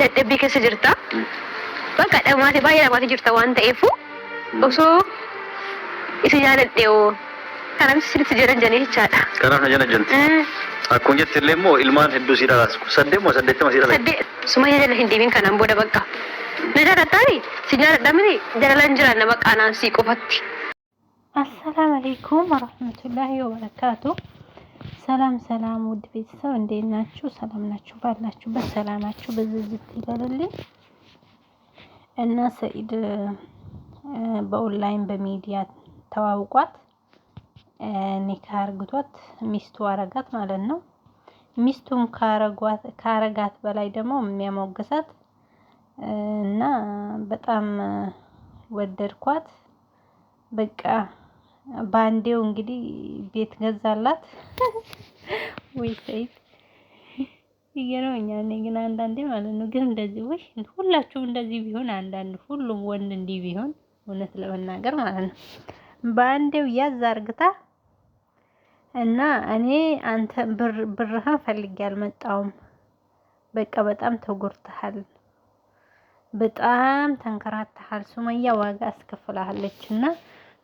dadhabbii keessa jirta. Bakka dhamaatee baay'ee dhamaatee jirta waan ta'eef osoo isa jaaladheewoo kanaaf sirriitti jedhan jedhanii jechaadha. Kanaaf na jedhan jedhan. Akkuma jettillee immoo ilmaan hedduu si dhalaasku. Saddeet moo saddeettama si dhalaasku? Saddeet sumayya jala hin deebiin kanaan booda bakka. Na jaalattaan si jaaladhamini jalalan jiran nama qaanaan sii qofatti. Assalaamu alaikum warahmatullaahi wabarakaatuh. ሰላም ሰላም ውድ ቤተሰብ እንዴት ናችሁ? ሰላም ናችሁ? ባላችሁበት በሰላማችሁ ብዝዝት ይበልልኝ እና ሰኢድ በኦንላይን በሚዲያ ተዋውቋት ኒካ አርግቷት ሚስቱ አረጋት ማለት ነው። ሚስቱን ካረጋት በላይ ደግሞ የሚያሞግሳት እና በጣም ወደድኳት በቃ ባንዴው እንግዲህ ቤት ገዛላት። ወይ ሰይድ ይገርመኛል። ግን አንዳንዴ ማለት ነው ግን እንደዚህ ወይ ሁላችሁም እንደዚህ ቢሆን አንዳንድ ሁሉም ወንድ እንዲህ ቢሆን እውነት ለመናገር ማለት ነው በአንዴው ያዝ አርግታ እና እኔ አንተ ብርህን ፈልጌ አልመጣሁም፣ በቃ በጣም ተጎርተሃል፣ በጣም ተንከራተሃል፣ ሱመያ ዋጋ አስከፍላለችና። እና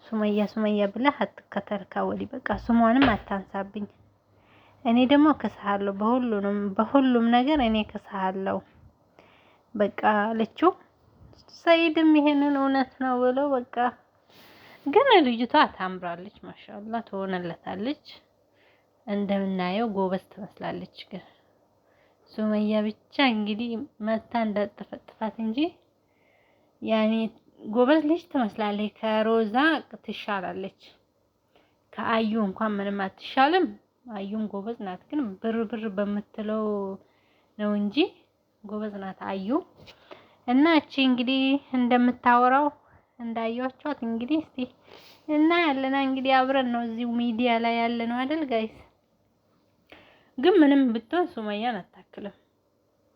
ሱመያ ሱመያ ብለህ አትከተል ከወዲህ በቃ ስሟንም አታንሳብኝ። እኔ ደግሞ ከሳሃለሁ በሁሉንም በሁሉም ነገር እኔ ከሳሃለሁ በቃ አለችው። ሰይድም ይሄንን እውነት ነው ብሎ በቃ ግን ልጅቷ ታምራለች፣ ማሻአላ ትሆነለታለች። እንደምናየው ጎበዝ ትመስላለች። ግን ሱመያ ብቻ እንግዲህ መታ እንዳጠፈጥፋት እንጂ ያኔ ጎበዝ ልጅ ትመስላለች። ከሮዛ ትሻላለች። ከአዩ እንኳን ምንም አትሻልም። አዩም ጎበዝ ናት፣ ግን ብር ብር በምትለው ነው እንጂ ጎበዝ ናት አዩ። እና እቺ እንግዲህ እንደምታወራው እንዳያችኋት እንግዲህ እስቲ እና ያለና እንግዲህ አብረን ነው እዚሁ ሚዲያ ላይ ያለ ነው አይደል ጋይስ። ግን ምንም ብትሆን ሱመያን አታክልም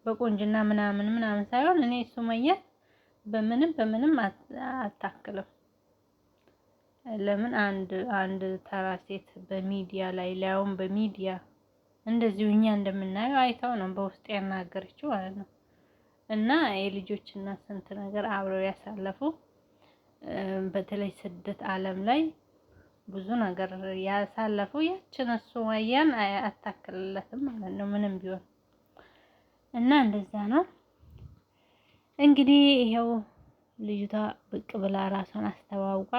በቆንጅና ምናምን ምናምን ሳይሆን እኔ ሱመያን በምንም በምንም አታክልም። ለምን አንድ አንድ ተራ ሴት በሚዲያ ላይ ላያውም በሚዲያ እንደዚሁ እኛ እንደምናየው አይታው ነው በውስጥ ያናገረችው ማለት ነው። እና የልጆች ስንት ነገር አብረው ያሳለፉ በተለይ ስደት ዓለም ላይ ብዙ ነገር ያሳለፉ ያችን እሱ ወያን አታክልለትም ማለት ነው ምንም ቢሆን እና እንደዛ ነው። እንግዲህ ይሄው ልጅቷ ብቅ ብላ ራሷን አስተዋውቃ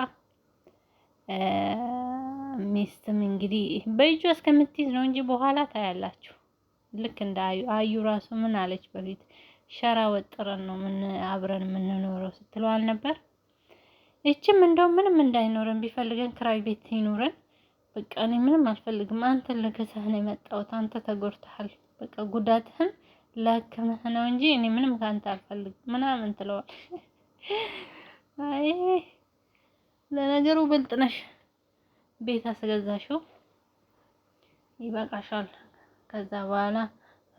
ሚስትም እንግዲህ በእጇ እስከምትይዝ ነው እንጂ በኋላ ታያላችሁ። ልክ እንደ አዩ አዩ ራሱ ምን አለች በፊት ሸራ ወጥረን ነው ምን አብረን የምንኖረው ስትለዋል ነበር። እችም እንደው ምንም እንዳይኖረን ቢፈልገን ክራይ ቤት ይኑረን፣ በቃ እኔ ምንም አልፈልግም፣ አንተን ልገዛህ ነው የመጣሁት፣ አንተ ተጎድተሃል፣ በቃ ጉዳትህን ለሕክምና ነው እንጂ እኔ ምንም ካንተ አልፈልግም ምናምን ትለዋል። አይ ለነገሩ ብልጥ ነሽ፣ ቤት አስገዛሽው ይበቃሻል። ከዛ በኋላ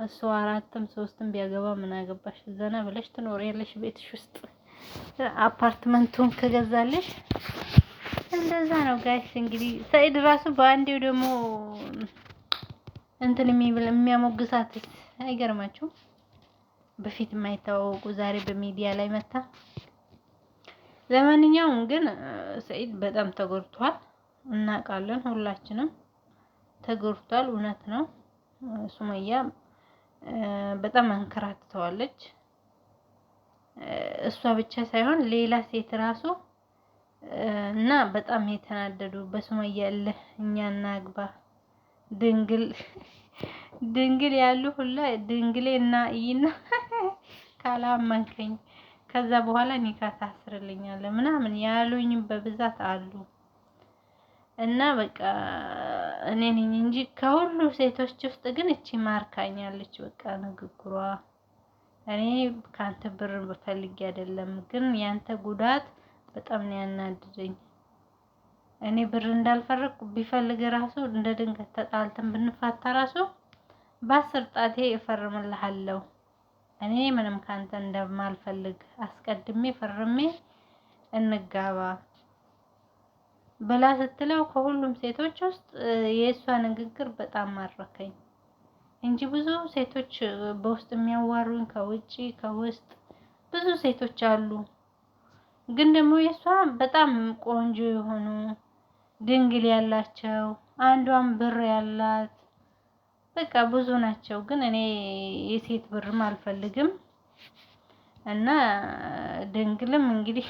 እሱ አራትም ሶስትም ቢያገባ ምን አገባሽ? ዘና ብለሽ ትኖሪያለሽ ቤትሽ ውስጥ አፓርትመንቱን ከገዛለሽ እንደዛ ነው ጋይስ። እንግዲህ ሰኢድ ራሱ በአንዴው ደግሞ እንትን የሚያሞግሳት አይገርማችሁም? በፊት የማይተዋወቁ ዛሬ በሚዲያ ላይ መታ። ለማንኛውም ግን ሰኢድ በጣም ተጎድቷል፣ እናውቃለን፣ ሁላችንም ተጎድቷል። እውነት ነው። ሱመያ በጣም አንከራትተዋለች። እሷ ብቻ ሳይሆን ሌላ ሴት ራሱ እና በጣም የተናደዱ በሱመያ እልህ እኛ እናግባ ድንግል ድንግል ያሉ ሁላ ድንግሌ እና እይና ካላመንከኝ ከዛ በኋላ ኒካ ታስርልኛለ ምናምን ያሉኝ በብዛት አሉ። እና በቃ እኔ ነኝ እንጂ ከሁሉ ሴቶች ውስጥ ግን እቺ ማርካኛለች። በቃ ንግግሯ እኔ ካንተ ብር ፈልጌ አይደለም፣ ግን ያንተ ጉዳት በጣም ነው ያናድደኝ። እኔ ብር እንዳልፈረኩ ቢፈልግ ራሱ እንደ ድንገት ተጣልተን ብንፋታ ራሱ በአስር ጣቴ እፈርምልሃለሁ። እኔ ምንም ካንተ እንደማልፈልግ አስቀድሜ ፈርሜ እንጋባ ብላ ስትለው ከሁሉም ሴቶች ውስጥ የእሷ ንግግር በጣም ማረከኝ እንጂ ብዙ ሴቶች በውስጥ የሚያዋሩኝ ከውጪ ከውስጥ ብዙ ሴቶች አሉ። ግን ደግሞ የእሷ በጣም ቆንጆ የሆኑ ድንግል ያላቸው፣ አንዷም ብር ያላት በቃ ብዙ ናቸው። ግን እኔ የሴት ብርም አልፈልግም እና ድንግልም እንግዲህ